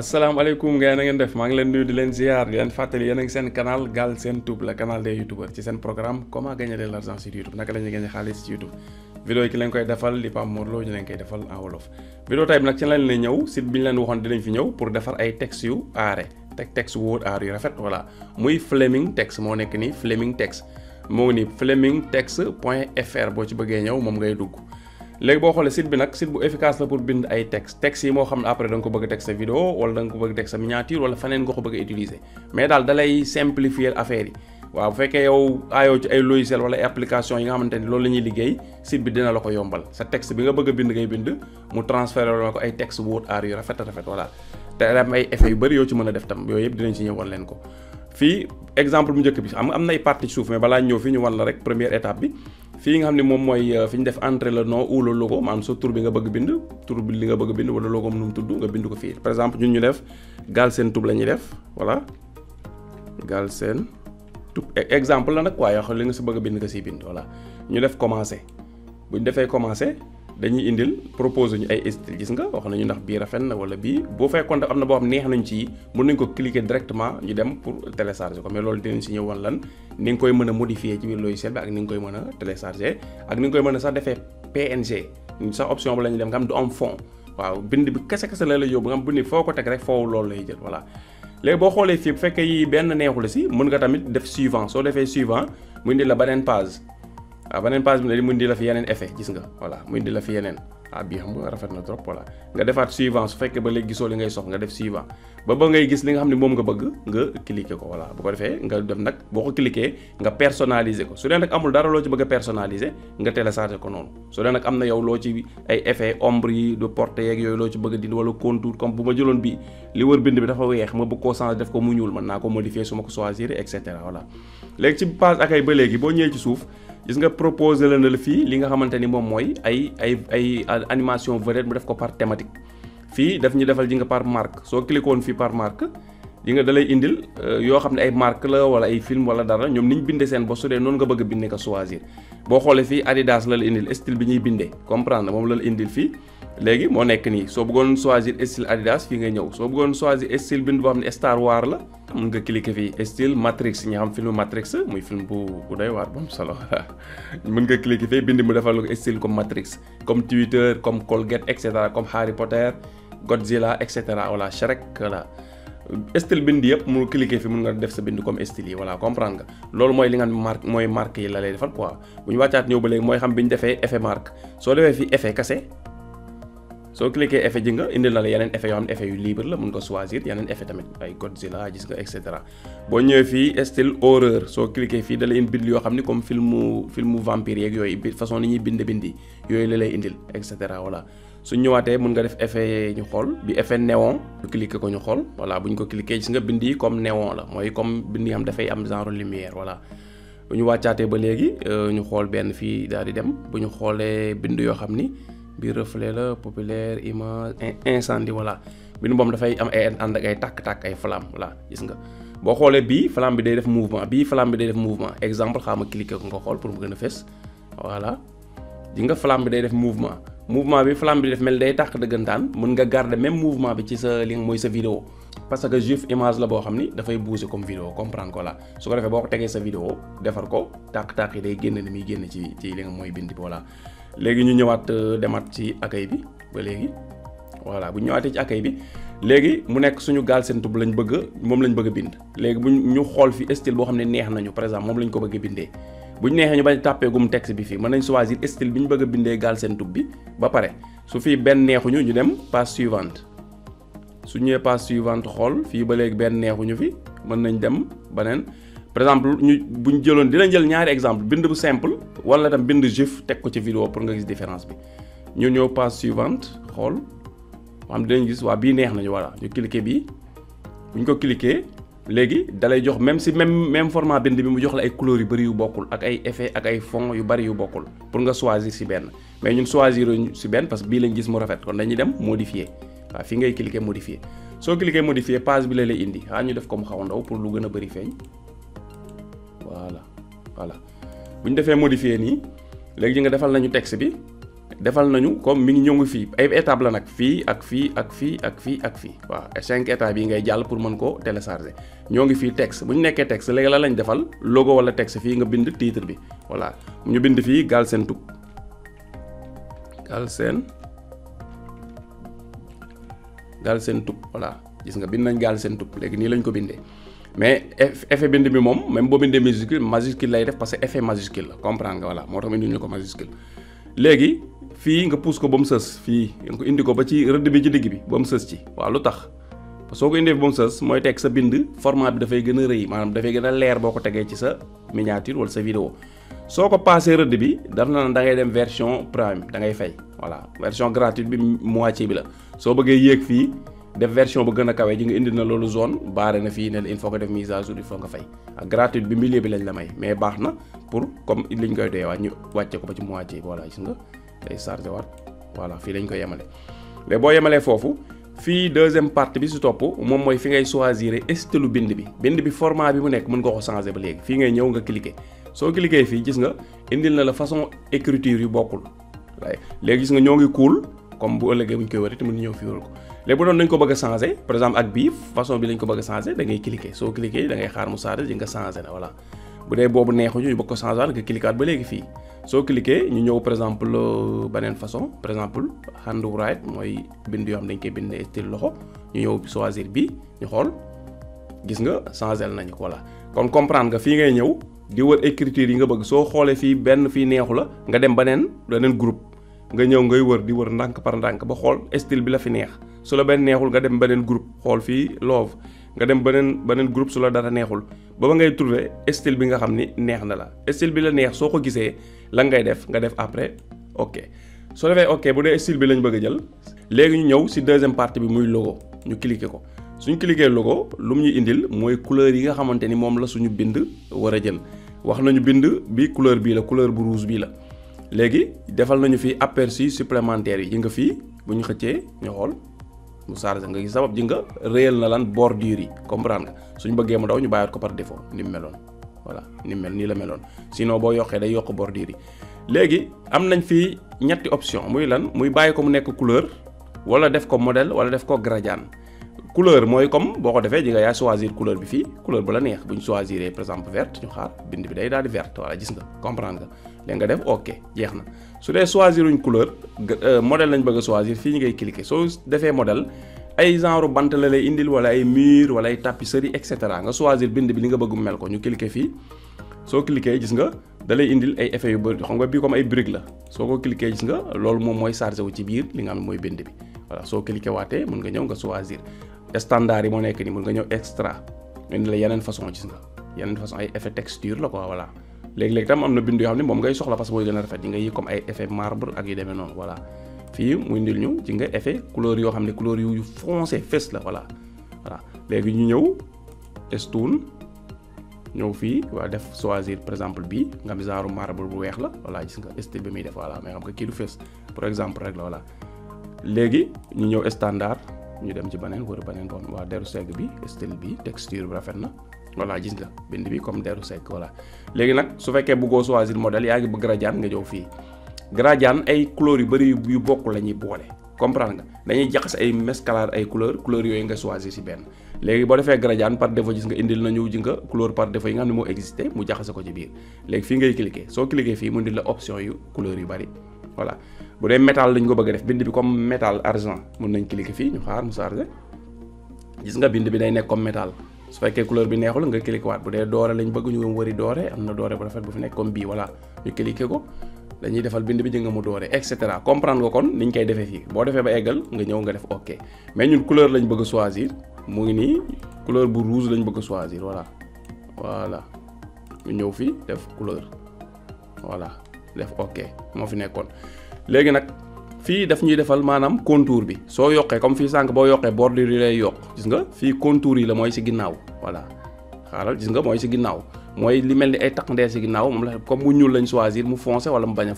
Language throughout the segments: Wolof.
asalaamaaleykum gars yi na ngeen def maa ngi leen nuyu di leen ziar di leen fàttali yéen a ngi seen canal Galsen Tube la canal des youtubeurs ci seen programme comment gagner de l'argent sur YouTube naka la ñuy gagner xaalis ci YouTube. vidéo yi ki leen koy defal di Pape Mor Lo ñu leen koy defal en wolof vidéo tey nag ci lañ leen ñëw site bi ñu leen waxoon dinañ fi ñëw pour defar ay tex yu aare teg texte word aar yu rafet voilà muy Fleming Text moo nekk nii Fleming Text moo ngi nii Fleming Text point fr boo ci bëggee ñëw moom ngay dugg. léegi boo xoolee site bi nag site bu efficace la pour bind ay texte texte yi moo xam ne après da ko bëgg a teg sa vidéo wala da ko bëgg a teg sa miniature wala faneen nga ko bëgg a utiliser mais daal dalay simplifier ay logiciel wala ay yi nga xamante ni loolu la ñuy liggéey site bi dina la ko yombal sa texte bi nga bëgg a bind ngay bind mu transféré la ko ay texte word art yu rafet a rafet voilà te am ay effet yu bëri yoo ci mën a def tam yooyu yëpp dinañ ci ñëwoon leen ko fii exemple bu njëkk bi am am na ay partie ci ñëw fii ñu wan la rek bi fii nga xam ne moom mooy euh, fi ñu def entrée le nom ou le logo maanaam sa tur bi nga bëgg bind tour bi li nga bëgg bind wala logo am nu mu tudd nga bind ko fii par exemple ñun ñu def Galsen Tube la ñuy def gaal seen Tube exemple la nag waaye yoo li nga si bëgg a bind nga siy bind voilà ñu def commencé bu ñu defee commencé. dañuy indil proposé ñu ay style gis nga wax nañu ndax bii rafet na wala bii boo fekkoon ne am na boo xam neex nañ ci mun nañ ko cliquer directement ñu dem pour télécharger ko mais loolu dinañ si ñëw woon lan ni nga koy mën a modifier ci biir logiciel bi ak ni nga koy mën a télécharger ak ni nga koy mën a sax defee PNG sax option bi la ñuy dem nga xam du am fond waaw bind bi kese kese la la yóbbu nga xam bind foo ko teg rek foofu loolu lay jël voilà. léegi boo xoolee fii bu fekkee yi benn neexu la si mën nga tamit def suivant soo defee suivant mu indi la beneen page. waaw beneen page bi nag mu indi la fi yeneen effet gis nga voilà mu indi la fi yeneen ah bii xam nga rafet na trop voilà nga defaat suivant su fekkee ba léegi gisoo li ngay sox nga def suivant ba ba ngay gis li nga xam ne moom nga bëgg nga cliquer ko voilà bu ko defee nga def nag boo ko cliquer nga personnaliser ko su dee nag amul dara loo ci bëgg a personnaliser nga télécharger ko noonu su dee nag am na yow loo ci ay effet ombre yi de portée yeeg yooyu loo ci bëgg a dindi wala contour comme bu ma jëloon bi li wër bind bi dafa weex ma bëgg koo def ko mu ñuul mën naa ko modifier su ma ko et cetera voilà léegi ci léegi boo ñëwee ci suuf gis nga proposé la na la fii li nga xamante ni moom mooy ay ay ay animation vedette mu def ko par thématique fii daf ñu defal ji nga par mark soo cliqué woon fii par marque yi nga dalay indil euh, yoo xam ne ay marque la wala ay film wala dara ñoom ni ñu bindee seen bopp su dee noon nga bëgg a bindee ko choisir boo xoolee fii Adidas la la indil style bi ñuy bindee comprendre moom la la indil fii léegi moo nekk nii soo bëggoon choisir style Adidas fii nga ñëw soo bëggoon choisir style bind boo xam ne Star Wars la mun nga cliquer fii style Matrix ñi xam filmu Matrix muy film bu bu doy waar bu am solo mun nga cliquer fii bind mu defal ko style comme Matrix comme Twitter comme Colgate et cetera comme Harry Potter Godzilla et cetera voilà Shrek voilà. style bind yëpp mu cliquer fi mun nga def sa bind comme style yi voilà comprendre nga loolu mooy li nga marque mooy marque yi la lay defal ñu wàccaat ñëw ba léegi mooy xam bi ñu defee effet marque soo effet kase. soo cliquer effet ji nga indil la yeneen effet yoo xam ne effet yu libre la mun ko choisir yeneen effet tamit ay Godzilla gis nga et boo ñëwee fii style horreur soo cliquer fii da lay bind yoo xam ne comme filmu filmu vampire yeeg yooyu bi façon ni ñuy bind yooyu la lay indil et cetera voilà su ñëwaatee mun nga def effet ñu xool bi effet néon ñu cliquer ko ñu xool voilà bu ñu ko cliquer gis nga bind yi comme néon la mooy comme bind yi am dafay am genre lumière voilà bu ñu wàccaatee ba léegi euh, ñu xool benn fii daal di dem bu ñu xoolee bind yoo xam ni bi reflet la populaire image incendie voilà bi nu boobu dafay am ay ànd ak ay tàkk-tàkk ay flamme voilà gis nga boo xoolee bii flamme bi day def mouvement bii flamme bi day def mouvement exemple xaama ma cliquer ko xool pour mu gën a fes voilà di nga flamme bi day def mouvement mouvement bi flamme bi def mel day tàkk dëggantaan mën nga garder même mouvement bi ci sa li mooy sa vidéo parce que GIF image la boo xam ni dafay bouger comme vidéo comprendre ko la su ko defee boo ko tegee sa vidéo defar ko tàkk-tàkk yi day génn ni muy génn ci ci li mooy bind bi voilà léegi ñu ñëwaat euh, demaat ci accueil bi ba léegi voilà bu ñu ñëwaatee ci accueil bi léegi mu nekk suñu Galsen Tube lañ bëgg moom lañ bëgg a bind léegi bu ñu xool fi style boo xam ne neex nañu par exemple moom lañ ko bëggee a bindee bu ñu neexee ñu bañ tàppee gum texte bi fii mën nañ choisir style bi ñu bëgg a bindee Galsen Tube bi ba pare su fii benn neexuñu ñu dem page suivante su ñëwee page suivante xool fii ba léegi benn neexuñu fi mën nañ dem beneen par exemple ñu bu ñu jëloon dina jël ñaari exemple bind bu simple wala tam bind GIF teg ko ci vidéo pour nga gis différence bi ñu ñëw page suivante xool maanaam dinañ gis waa bii neex nañu voilà ñu cliquer bii bu ñu ko cliquer léegi dalay jox même si même même format bind bi mu jox la ay couleurs yu bëri yu bokkul ak ay efe ak ay fond yu bari yu bokkul pour nga choisir si benn mais ñun choisir si benn parce que bii lañ gis mu rafet kon dañuy dem modifier waaw fii ngay soo cliquer modifier page bi la lay indi ñu def ko mu xaw a pour lu gën a bëri voilà voilà bu ñu defee modifier nii léegi nga defal nañu texte bi defal nañu comme mi ngi ñëw fii ay étape la nag fii ak fii ak fii ak fii ak fii waaw cinq étapes yi ngay jàll pour mën koo télécharger ñoo ngi fii texte bu ñu nekkee texte léegi la lañ defal logo wala texte fii nga bind titre bi voilà ñu bind fii Galsen Tube Galsen Galsen Tube voilà gis nga bind nañ Galsen Tube léegi nii lañ ko bindee mais effet bind bi moom même boo bindee majuscule lay def parce que effet majuscule la comprendre nga voilà moo tax indi ko majuscule léegi fii nga pousse ko ba mu sës fii nga ko indi ko ba ci rëdd bi ci digg bi ba mu sës ci waaw lu tax soo ko indee ba mu sës mooy teg sa bind format bi dafay gën a rëy maanaam dafay gën a leer boo ko tegee ci sa miniature wala sa vidéo soo ko paasee rëdd bi daf na da ngay dem version prime da ngay fay voilà version gratuite bi moitié bi la soo bëggee yéeg fii def version bu gën a kawee ji nga indi na loolu zone baare na fii ne il faut nga def mise à jour il faut nga fay ak gratuite bi milieu bi lañ la may mais baax na pour comme liñ koy doyee waat ñu wàcce ko ba ci moitié voilà gis nga day chargé waat fii lañ koy yemale mais boo yemalee foofu fii deuxième partie bi si topp moom mooy fi ngay choisir stylu bind bi bind bi format bi mu nekk mun nga ko changer ba léegi fii ngay ñëw nga cliquer soo cliquer fii gis nga indil na la façon écriture yu bokkul waaye léegi gis nga ñoo ngi kuul comme bu koy wër it mën ñëw fi léegi bu doon nañ ko bëgg a changé par exemple ak bii façon bi lañ ko bëgg a changé da ngay cliqué soo cliqué da ngay xaar mu changé ji nga changé na voilà bu dee boobu neexuñu ñu bëgg ko changé waat nga cliqué waat ba léegi fii soo cliqué ñu ñëw par exemple euh, beneen façon par exemple handwrite mooy bind yoo xam dañ koy bind style loxo ñu ñëw choisir bi ñu xool gis nga changé nañu ko voilà kon comprend nga fii ngay ñëw di wër écriture yi nga bëgg soo xoole fii benn fii neexu la nga dem beneen beneen groupe nga ñëw ngay wër di wër ndànk par ndànk ba xool style bi la fi neex su la benn neexul nga dem beneen groupe xool fii love nga dem beneen beneen groupe su la dara neexul ba ba ngay trouver style bi nga xam ni neex na la style bi la neex soo ko gisee la ngay def nga def après ok soo defee ok bu dee style bi lañ bëgg a jël léegi ñu ñëw ci deuxième partie bi muy logo ñu cliquer ko suñ cliquer logo lu mu ñu indil mooy couleur yi nga xamante ni moom la suñu bind war a jël wax nañu bind bi couleur bii la couleur bu rouge bii la léegi defal nañu fi aperçu supplémentaire yi yi nga fii bu ñu xëccee ñu xool mu chargé nga gis sabab ji nga réel na lan bordure yi comprendre nga suñ bëggee mu daw ñu bàyyiwaat ko par défaut ni mu meloon voilà ni mel nii la meloon sinon boo yokkee day yokk bordure yi léegi am nañ fii ñetti option muy lan muy bàyyi ko mu nekk couleur wala def ko modèle wala def ko gradient couleur mooy comme boo ko defee ji nga yaay choisir couleur bi fii couleur bu la neex bu ñu choisir par exemple verte ñu xaar bind bi day daal di verte voilà gis nga comprendre nga léegi nga def ok jeex na su dee choisir uñ couleur euh, modèle lañ bëgg a choisir fii ñu ngay cliquer soo defee modèle ay genre bant la lay indil wala ay mur wala ay tapisserie et cetera nga choisir bind bi li nga bëgg mu mel ko ñu cliquer fii soo cliquer gis nga da lay indil ay effet yu bëri xam nga bii comme ay briques la soo ko cliquer nga loolu moom mooy chargé wu ci biir li nga xam mooy bind bi voilà soo cliquer waatee mën nga ñëw nga choisir standard yi moo nekk ni mun nga ñëw extra ñu ne la yeneen façon gis nga yeneen façon ay effet texture la quoi voilà léegi-léegi tam am na bind yoo ne moom ngay soxla parce que mooy gën a rafet yi nga yi comme ay effet marbre ak yu ñu nga effet couleur yoo xam ne couleur yu foncé fes la voilà voilà léegi ñu ñëw stone ñëw fii waa def choisir par exemple bii nga am genre bu weex la voilà gis nga style bi muy def voilà mais xam nga kii du fes par exemple rek la voilà léegi ñu ñu dem ci beneen wër beneen bon waa deru segg bi style bi texture bi rafet na voilà gis nga bind bi comme deru segg voilà. léegi nag su fekkee bëggoo choisir modèle yaa ngi bëgg gradient nga ñëw fii gradient ay couleurs yu bari yu bokk la ñuy boole comprendre nga dañuy jaxas ay mescalade ay couleur couleur yooyu nga choisir si benn. léegi boo defee gradient par défaut gis nga indil nañu ji nga couleur par défaut yi nga xam ne moo existé mu jaxase ko ci biir léegi fii ngay cliquer soo cliquer fii mu indil la option yu couleur yu bëri voilà bu dee métal lañ ko bëgg def bind bi comme métal argent mun nañ cliquer fii ñu xaar mu chargé gis nga bind bi day nekk comme métal su fekkee couleur bi neexul nga cliquer waat bu dee doore lañ bëgg ñu wëri doore am na doore bu rafet bu fi nekk comme bii voilà ñu cliquer ko dañuy defal bind bi jënga mu doore et cetera comprendre nga kon niñ koy defee fii boo defee ba eggal nga ñëw nga def ok mais ñun couleur lañ bëgg a choisir mu ngi nii couleur bu rouge lañ bëgg a choisir voilà fii def def ok moo fi nekkoon léegi nag fii daf ñuy defal maanaam contour bi soo yokkee comme fii sànq boo yokkee bordure yi lay yokk gis nga fii contour yi la mooy si ginnaaw voilà xaaral gis nga mooy si ginnaaw mooy li mel ni ay taq ndee si ginnaaw moom la comme mu ñuul lañ choisir mu foncé wala mu bañ a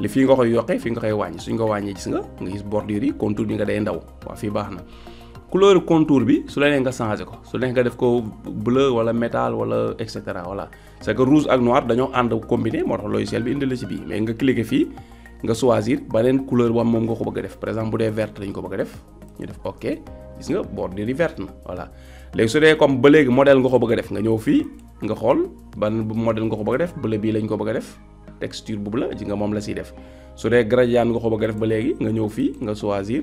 li fii nga koy yokkee fii nga koy wàññi suñ ko wàññee gis nga nga gis bordure yi contour bi nga day ndaw waaw fii baax na couleur contour bi su la nee nga changé ko su la nee nga def ko bleu wala métal wala et cetera voilà c'est que rouge ak dañoo ànd combiné moo tax logiciel bi indi la si bii mais nga cliqué fii nga choisir beneen couleur boo moom nga ko bëgg def par exemple bu dee verte lañ ko bëgg a def ñu def ok gis nga bordure yi verte na voilà léegi su dee comme ba léegi model nga ko bëgg a def nga ñëw fii nga xool ban modèle nga ko bëgg a def bleu bii lañ ko bëgg a def texture boobu la ji nga moom la siy def su dee gradient nga ko bëgg def ba léegi nga ñëw fii nga choisir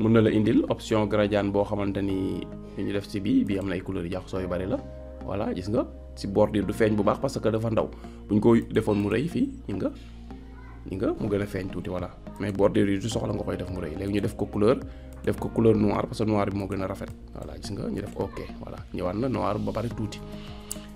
mun na la indil option gradient boo xamante ni ñu def ci bii bii am nay ay couleurs yu jaxasoo yu bari la voilà gis nga si bordure du feeñ bu baax parce que dafa ndaw buñ ko defoon mu rëy fii nga. ñi nga mu gën a feeñ tuuti voilà mais bordure yi du soxla nga koy def mu rëy léegi ñu def ko couleur def ko couleur noir parce que noir bi moo gën a rafet voilà gis nga ñu def ok voilà ñëwaat na noir ba pare tuuti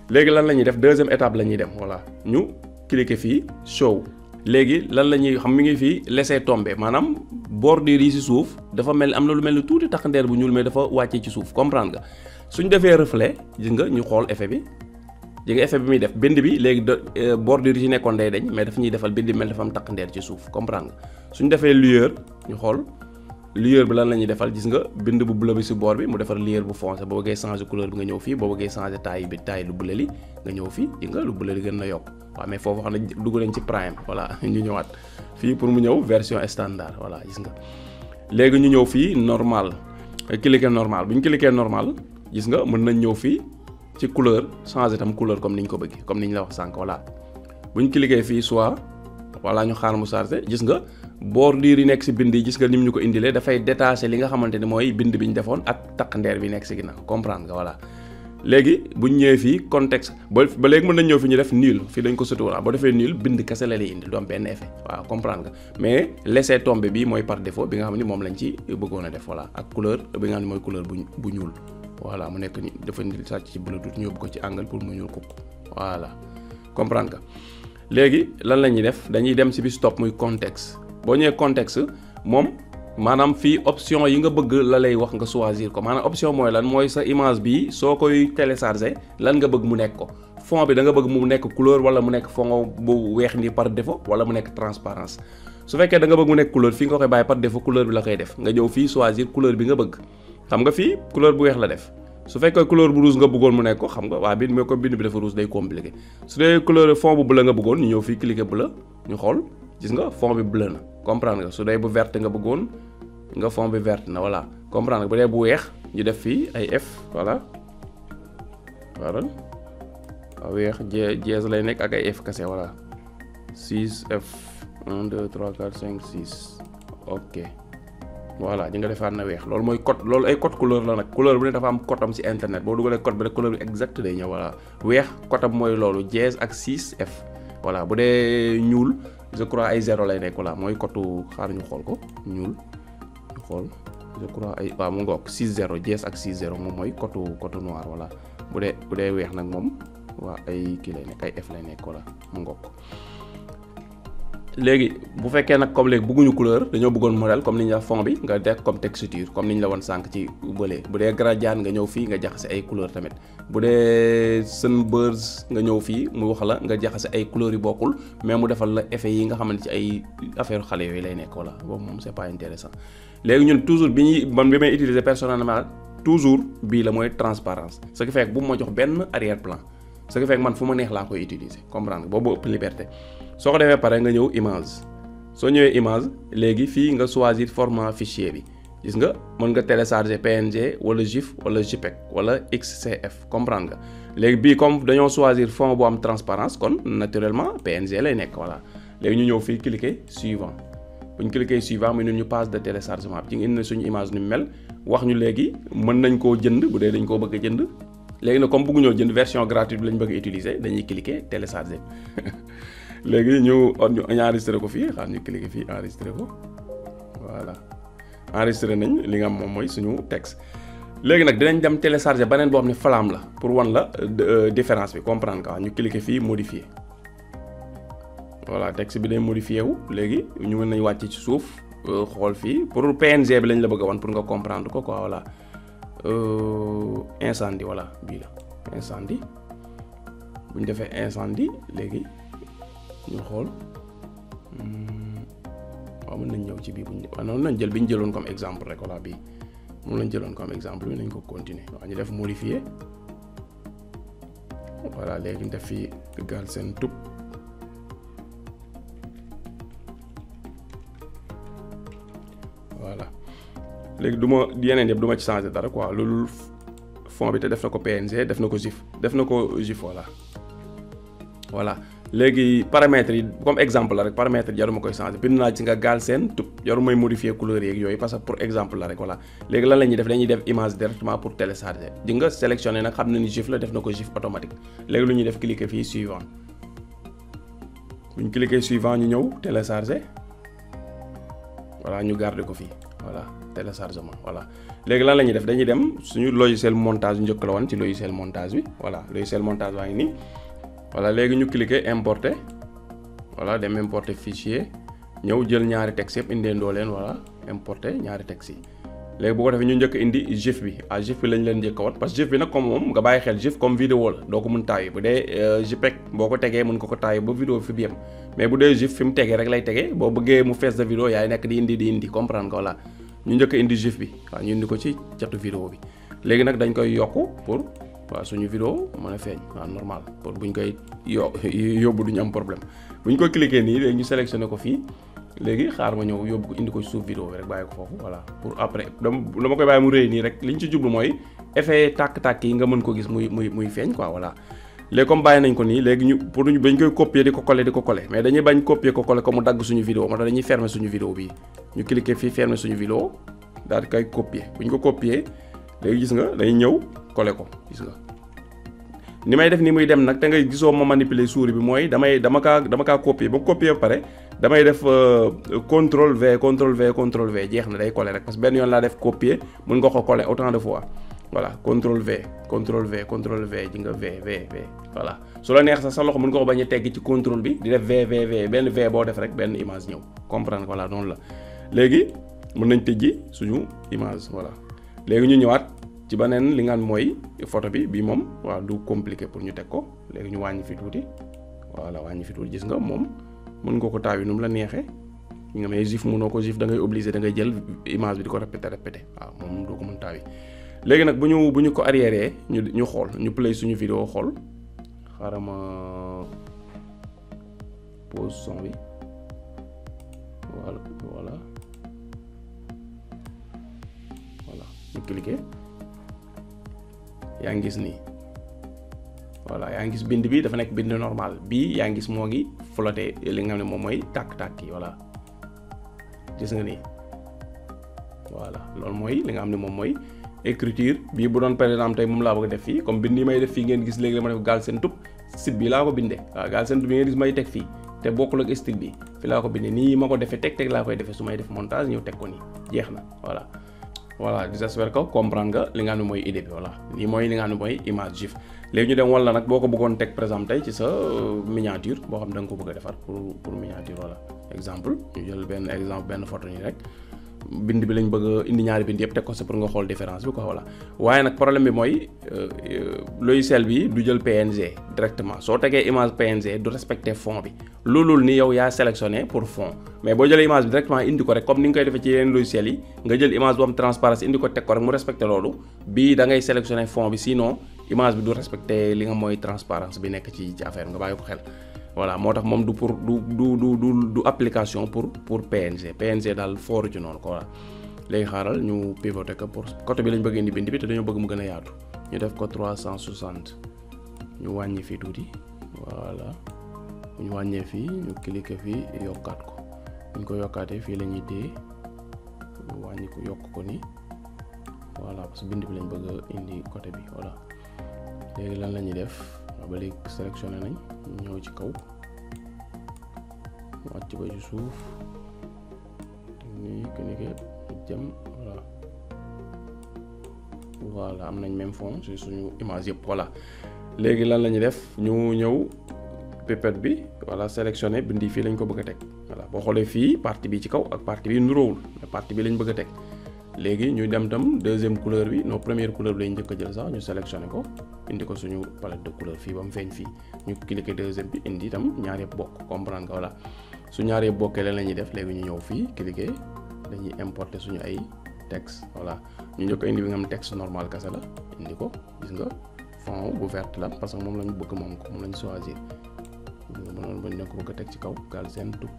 léegi lan la ñuy def deuxième étape la ñuy dem voilà ñu cliquer fii sow léegi lan la ñuy xam mu ngi fii laisser tomber maanaam bordure yi si suuf dafa mel am na lu mel ni tuuti tax ndeer bu ñuul mais dafa wàccee ci suuf comprendre nga suñ defee reflet gis nga ñu xool effet bi ji nga effet bi muy def bind bi léegi bordure yi ci nekkoon day dañ mais daf ñuy defal bind bi mel dafa am takk ndeer ci suuf comprendre nga suñu defee lueur ñu xool lueur bi lan la ñuy defal gis nga bind bu bleu bi si boor bi mu defar lueur bu foncé boo bëggee changer couleur bi nga ñëw fii boo bëggee changer taille bi taille lu bleu li nga ñëw fii ji nga lu bleu gën na yokk waaw mais foofu xam ne dugg nañ ci prime voilà ñu ñëwaat fii pour mu ñëw version standard voilà gis nga léegi ñu ñëw fii normal cliquer normal bu ñu cliquer normal gis nga mën nañ ñëw fii ci couleur changer tam couleur comme ni ñu ko bëggee comme ni ñu la wax sànq voilà bu ñu fii soit voilà ñu xaar mu chargé gis nga bordure yi nekk si bind yi gis nga ni mu ñu ko indilee dafay détaché li nga xamante ni mooy bind bi ñu defoon ak takk ndeer bi nekk si ginnaaw comprendre nga voilà. léegi bu ñu ñëwee fii contexte ba ba léegi mën nañ ñëw fi ñu def nul fii dañ ko sotti voilà boo defee nul bind kese la lay indi du benn effet waaw comprendre nga mais laisser bi mooy par défaut bi nga xam ne moom lañ ci bëggoon a def voilà ak couleur mooy couleur bu bu ñuul. voilà mu nekk ni dafa sàcc ci bële dut ñu yóbbu ko ci angle pour mu ñuul kukk voilà comprendre nga léegi lan la ñuy def dañuy dem si bi stop muy contexte boo ñëwee contexte moom maanaam fii option yi nga bëgg la lay wax nga choisir ko maanaam option mooy lan mooy sa image bi soo koy télécharger lan nga bëgg mu nekk ko fond bi da nga bëgg mu nekk couleur wala mu nekk fond bu weex ni par defo wala mu nekk transparence su fekkee da nga bëgg mu nekk couleur fii nga koy bàyyi par défaut couleur la koy def nga ñëw fii choisir couleur bi nga bëgg xam nga fii couleur bu weex la def su fekkee couleur bu rouge nga bëggoon mu nekk ko xam nga waa bind mais comme bind bi dafa rouge day compliqué su dee couleur fond bu bleu nga bëggoon ñu ñëw fii cliquer bleu ñu xool gis nga fond bi bleu na comprendre nga su dee bu verte nga bëggoon nga fond bi verte na voilà comprendre nga bu dee bu weex ñu def fii ay F voilà voilà weex je jees lay nekk ak ay F kese voilà 6 F 1 2 3 4 5 6 ok voilà di nga defaat na weex loolu mooy code loolu ay code couleur la nag couleur bu ne dafa am code am ci internet boo dugalee code bi rek couleur bi exact day ñëw voilà weex code mooy loolu dièse ak 6F voilà bu dee ñuul je crois ay zéro lay nekk voilà mooy code xaar ñu xool ñuul ñu xool je ay waaw mu ngoog 6 0 dièse ak 6 0 moom mooy code code noir voilà bu dee bu dee weex nag moom waa ay kii lay nekk ay F lay nekk voilà mu ngoog léegi bu fekkee nag comme léegi bëgguñu couleur dañoo bëggoon modèle comme ni ñu la fond bi nga def comme texture comme ni ñu la woon sànq ci bële bu dee gradient nga ñëw fii nga jaxase ay couleur tamit bu dee sunburst nga ñëw fii mu wax la nga jaxase ay couleurs yu bokkul mais mu defal la effet yi nga xamante ci ay affaire xale yooyu lay nekk voilà boobu moom c'est pas intéressant léegi ñun toujours bi ñuy man bi may utiliser personnellement toujours bii la mooy transparence ce qui fait que ma jox benn arrière plan ce man fu ma neex laa koy utiliser comprendre boobu ëpp liberté soo ko defee pare nga ñëw image soo ñëwee image léegi fii nga choisir format fichier bi gis nga mën nga télécharger PNG wala GIF wala JPEG wala XCF comprendre nga léegi bii comme dañoo choisir fond bu am transparence kon naturellement PNG lay nekk voilà léegi ñu ñëw fii cliquer suivant bu ñu cliquer suivant mu ne ñu passe de téléchargement bi ci indi na suñu image nu mel wax ñu léegi mën nañ koo jënd bu dee dañ koo bëgg a jënd léegi nag comme bëgguñoo jënd version gratuite bi lañ bëgg a dañuy cliquer télécharger léegi ñu ñu enregistré ko fii xaar ñu cliquer fii enregistré ko voilà enregistré nañ li nga am moom mooy suñu texte. léegi nag dinañ dem télécharger beneen boo xam ne Flamme la pour wan la euh, différence bi comprendre nga ñu cliquer fii modifier voilà texte bi day modifié wu léegi ñu mën nañ wàcc ci suuf euh, xool fii pour PNG bi lañ la bëgg a pour nga comprendre ko quoi voilà euh, incendie voilà bii la incendie bu ñu defee incendie léegi. ñu xool hmm. waaw mën nañ ñëw ci bii bu ñu noonu lañ jël bi ñu jëloon comme exemple rek voilà bii moom nañ jëloon comme exemple bi nañ ko continuer waaw ñu def modifier voilà léegi ñu def fii Galsen Tube voilà léegi du ma yeneen yëpp du ci changer dara quoi loolu fond bi te def na ko PNG def na ko GIF def na ko GIF voilà voilà léegi paramètres yi comme exemple la rek paramètres jaruma koy changer bind naa ci nga gaal seen tub jarumay modifier couleur yeeg yooyu parce que pour exemple la rek voilà léegi lan la ñuy def dañuy def image directement pour télécharger di nga sélectionné nag xam na ni GIF la def na ko GIF automatique léegi lu ñuy def cliquer fii suivant bu ñu ñu ñëw télécharger voilà ñu garder ko fii voilà téléchargement voilà léegi lan la ñuy def dañuy dem suñu logiciel montage njëkk la woon ci logiciel montage bi voilà logiciel montage waa ngi nii voilà léegi ñu cliquer importer voilà dem importer fichier ñëw jël ñaari texte yëpp indeendoo leen voilà importer ñaari texte yi léegi bu ko defee ñu njëkk indi GIF bi ah GIF bi lañ leen njëkk a wan parce que GIF bi nag comme moom nga bàyyi xel GIF comme vidéo la doo ko mun taay bu dee euh, JPEG boo ko tegee mun ko ko taay ba vidéo fi bi yem mais bu dee GIF fi mu tegee rek lay tegee boo bëggee mu fees de vidéo yaay nekk di indi di indi comprendre nga voilà ñu njëkk indi GIF bi waaw ñu indi ko ci catu vidéo bi léegi nag dañ koy yokk pour waaw suñu vidéo mën a feeñ waaw normal pour buñ koy yo yóbbu duñu am problème buñ ko cliquer nii léegi ñu sélectionné ko fii léegi xaar ma ñëw yóbbu ko indi ko ci suuf vidéo bi rek bàyyi ko foofu pour après dama koy bàyyi mu rëy nii rek liñ ci jublu mooy effet tàkk-tàkk yi nga mën ko gis muy muy muy feeñ quoi voilà léegi comme bàyyi nañ ko nii léegi ñu pour ñu bañ koy copier di ko coller di ko coller mais dañuy bañ copier ko coller ko mu dagg suñu vidéo moo tax dañuy fermer suñu vidéo bii ñu cliquer fii fermer suñu vidéo daal di koy copier buñ ko copier léegi gis nga day ñëw collé ko gis nga ni may def nii muy dem nag te ngay gisoo ma manipuler souris bi mooy damay dama kaa dama kaa copier ba copier ba pare damay def euh, contrôle V contrôle V contrôle V jeex na day collé rek parce que benn yoon laa def copier mun nga ko collé autant de fois voilà contrôle V contrôle V contrôle V ji nga V V V su la neex sa sa loxo mun nga ko bañ a tegg ci contrôle bi di def V V V benn V boo def rek benn image ñëw comprendre voilà noonu la léegi mën nañ tëjji suñu image voilà. léegi ñu ñëwaat ci beneen li nga xam mooy photo bi bii moom waaw du compliqué pour ñu teg ko léegi ñu wàññi fi tuuti voilà wàññi fi tuuti gis nga moom mën nga ko taaw yi nu mu la neexee nga may mu mënoo ko gif da ngay obligé da ngay jël image bi di ko répété répété waaw moom doo ko mën taaw yi léegi nag bu ñu bu ñu ko arriéré ñu ñu xool ñu play suñu vidéo xool xarama pause son bi voilà voilà ci cliquer yaa ngi gis nii voilà yaa ngi gis bind bi dafa nekk bind normal bii yaa ngi gis moo ngi flotté li nga xam ne moom mooy tàkk-tàkk yi voilà gis nga nii voilà loolu mooy li nga xam ne moom mooy écriture bii bu doon par exemple tey moom laa bëgg def fii comme bind yi may def fii ngeen gis léegi dama def Galsen Tube site bi laa ko bindee waaw Galsen Tube bi ngeen gis may teg fii te bokkul ak style bi fi laa ko bindee nii ma ko defee teg teg laa koy defee su def montage ñëw teg ko nii jeex na voilà j'espère que comprendre nga li nga xam ne mooy idée bi voilà lii mooy li nga xam mooy image GIF léegi dem wala nag boo ko bëggoon teg par exemple tey ci sa euh, miniature boo xam da nga ko bëgg a defar pour pour miniature voilà exemple ñu jël benn exemple benn photo nii rek bind bi lañ bëgg indi ñaari bind yëpp teg ko sa pour nga xool différence bi quoi la waaye nag problème bi mooy euh, euh, logiciel bi du jël PNG directement soo tegee image PNG du respecter fond bi loolul ni yow yaa sélectionné pour fond mais boo jëlee image bi directement indi ko rek comme ni nga koy defee ci yeneen logiciel yi nga jël image bu am transparence indi ko teg ko rek mu respecté loolu bi da ngay sélectionné fond bi sinon image bi du respecté li nga mooy bi nekk ci ci affaire nga bàyyi ko xel voilà moo tax moom du pour du du du du du application pour pour PNG PNG daal fooru ci noonu ko voilà léegi xaaral ñu pivoté ko pour côté bi lañ bëgg indi bind bi te mu gën a yaatu ñu def ko 360 ñu wàññi fii tuuti voilà ñu wàññee fii ñu fii yokkaat ko buñ ko yokkaatee fii la ñuy dee yokk ko ni voilà parce que bind bëgg indi côté bi voilà léegi def. ba léegi sélectionné nañ ñëw ci kaw wàcc ba ci suuf nii que am nañ même fond si suñu image yëpp voilà léegi lan la ñuy def ñu ñëw pepet bi voilà sélectionné bindi fii lañ ko bëgg a teg voilà boo xoolee fii partie bi ci kaw ak partie bi nuroowul mais partie bi lañ bëgg a teg léegi ñu dem tam deuxième couleur bi noo première couleur bi lañ njëkk a jël sax ñu sélectionné ko indi ko suñu palette de couleur fii ba mu feeñ fii ñu cliquer deuxième bi indi itam ñaar bokk comprendre nga voilà su ñaaree yëpp bokkee lan la ñuy def léegi ñu ñëw fii cliquer dañuy importer suñu ay texte voilà ñu njëkk indi bi nga am texte normal kase la indi ko gis nga fond bu verte la parce que moom la ñu bëgg moom ko moom la ñu choisir mënoon ba nekk bëgg a teg ci kaw Galsen Tube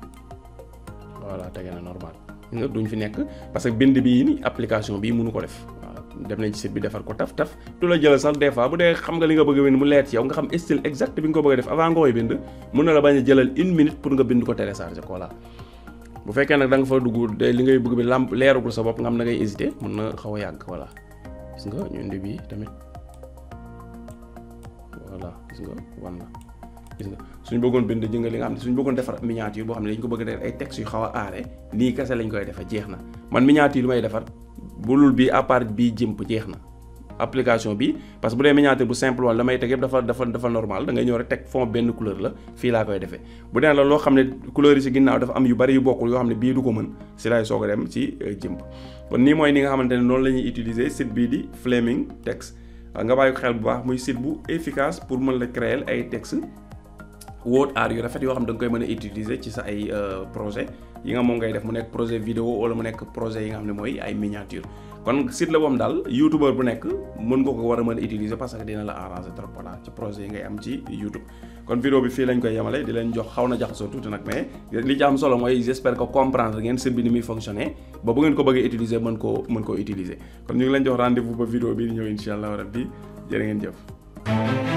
voilà tege na normal gis nga ñu fi nekk parce que bind bii ni application bii mënu ko def dem nañ ci site bi defar ko taf taf tu la jëlal sax des fois bu dee xam nga li nga bëgg a bind mu leer ci yow nga xam style exact bi nga ko bëgg a def avant nga koy bind mun na la bañ a jëlal une minute pour nga bind ko télécharger ko voilà bu fekkee nag da nga fa de li ngay bëgg bi làmp leeragul sa bopp nga xam na ngay hésité mun na xaw a yàgg voilà gis nga ñu indi bii tamit voilà gis nga wan na gis nga suñ bëggoon bind ji nga li nga am ne suñ bëggoon defar miniature boo xam ne dañ ko bëgg def ay textes yu xaw kese lañ koy defar jeex na man miniature lu may defar bu lul bi à part bii jëmp jeex na application bi parce que bu dee miniature bu simple woon la may teg yëpp dafa dafa dafa normal da ngay ñëw rek teg fond benn couleur la fii laa koy defee bu dee la loo xam ne couleur yi si ginnaaw dafa am yu bari yu bokkul yoo xam ne bii du ko mën si laay soog a dem ci euh, jëmp kon nii mooy ni nga xamante ne noonu la ñuy utiliser site bii di Flaming Text euh, nga bàyyi ko xel bu baax muy site bu efficace pour mën la créer ay texte word art yu rafet yoo xam ne da nga koy mën a utiliser ci sa ay euh, projet yi nga moom ngay def mu nekk projet vidéo wala mu nekk projet yi nga xam ne mooy ay miniature kon site la moom daal youtubeur bu nekk mën nga ko war a mën a parce que dina la arranger trop voilà ci projet yi ngay am ci youtube kon vidéo bi fii lañ koy yemale di leen jox xaw na jaxasoo tuuti nag mais li ci solo mooy j'espère que comprendre ngeen site bi ni muy fonctionner ba bu ngeen ko bëggee utiliser mën koo mën koo utiliser kon ñu ngi leen jox rendez